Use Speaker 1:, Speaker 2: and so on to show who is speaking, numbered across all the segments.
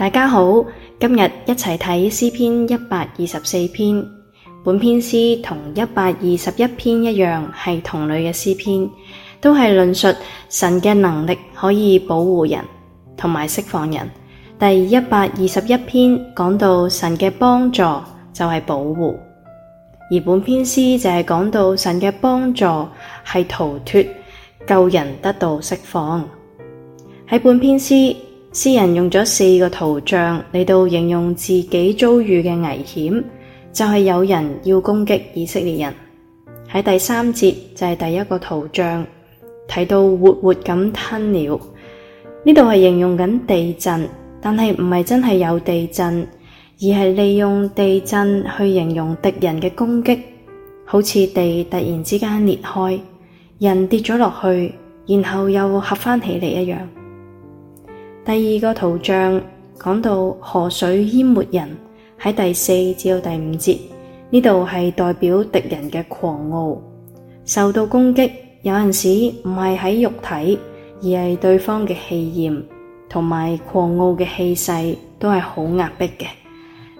Speaker 1: 大家好，今日一齊睇詩篇一百二十四篇。本篇詩同一百二十一篇一樣，係同類嘅詩篇，都係論述神嘅能力可以保護人，同埋釋放人。第一百二十一篇講到神嘅幫助就係保護，而本篇詩就係講到神嘅幫助係逃脫、救人、得到釋放。喺本篇詩。詩人用咗四個圖像嚟到形容自己遭遇嘅危險，就係有人要攻擊以色列人。喺第三節就係第一個圖像，睇到活活咁吞了。呢度係形容緊地震，但係唔係真係有地震，而係利用地震去形容敵人嘅攻擊，好似地突然之間裂開，人跌咗落去，然後又合翻起嚟一樣。第二個圖像講到河水淹沒人，喺第四至到第五節呢度係代表敵人嘅狂傲，受到攻擊，有陣時唔係喺肉體，而係對方嘅氣焰同埋狂傲嘅氣勢都係好壓迫嘅，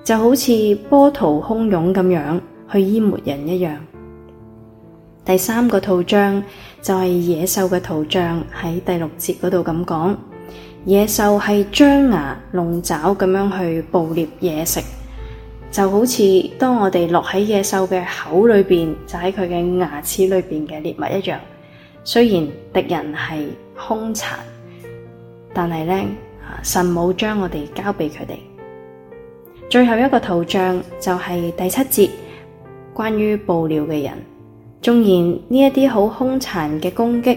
Speaker 1: 就好似波濤洶湧咁樣去淹沒人一樣。第三個圖像就係、是、野獸嘅圖像，喺第六節嗰度咁講。野獸係張牙弄爪咁樣去捕獵嘢食，就好似當我哋落喺野獸嘅口裏邊，就喺佢嘅牙齒裏邊嘅獵物一樣。雖然敵人係凶殘，但係咧，神冇將我哋交俾佢哋。最後一個圖像就係第七節，關於捕獵嘅人。縱然呢一啲好凶殘嘅攻擊。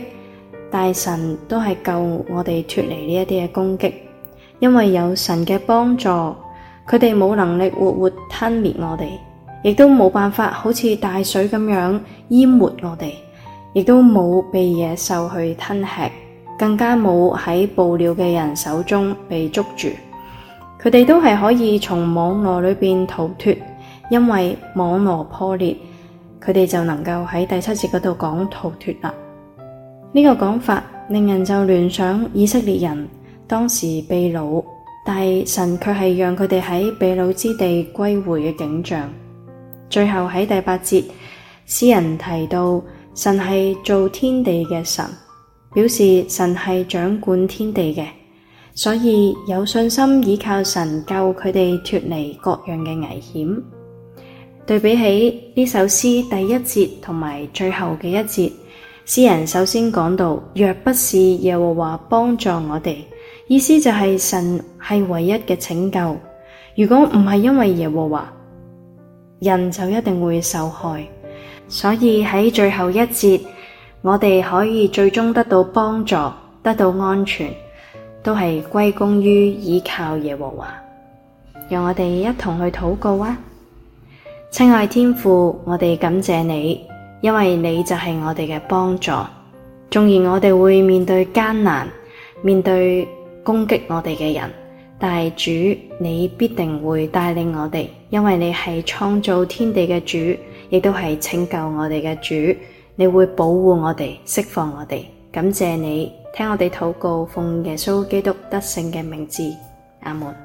Speaker 1: 大神都係救我哋脫離呢一啲嘅攻擊，因為有神嘅幫助，佢哋冇能力活活吞滅我哋，亦都冇辦法好似大水咁樣淹沒我哋，亦都冇被野獸去吞吃，更加冇喺捕鳥嘅人手中被捉住，佢哋都係可以從網羅裏面逃脫，因為網羅破裂，佢哋就能夠喺第七節嗰度講逃脫啦。呢個講法令人就聯想以色列人當時被擄，但係神卻係讓佢哋喺被擄之地歸回嘅景象。最後喺第八節，詩人提到神係造天地嘅神，表示神係掌管天地嘅，所以有信心倚靠神救佢哋脱離各樣嘅危險。對比起呢首詩第一節同埋最後嘅一節。詩人首先講到，若不是耶和華幫助我哋，意思就係神係唯一嘅拯救。如果唔係因為耶和華，人就一定會受害。所以喺最後一節，我哋可以最終得到幫助，得到安全，都係歸功於依靠耶和華。讓我哋一同去禱告啊，親愛天父，我哋感謝你。因為你就係我哋嘅幫助，縱然我哋會面對艱難，面對攻擊我哋嘅人，但係主你必定會帶領我哋，因為你係創造天地嘅主，亦都係拯救我哋嘅主。你會保護我哋，釋放我哋。感謝你聽我哋禱告，奉耶穌基督得勝嘅名字，阿門。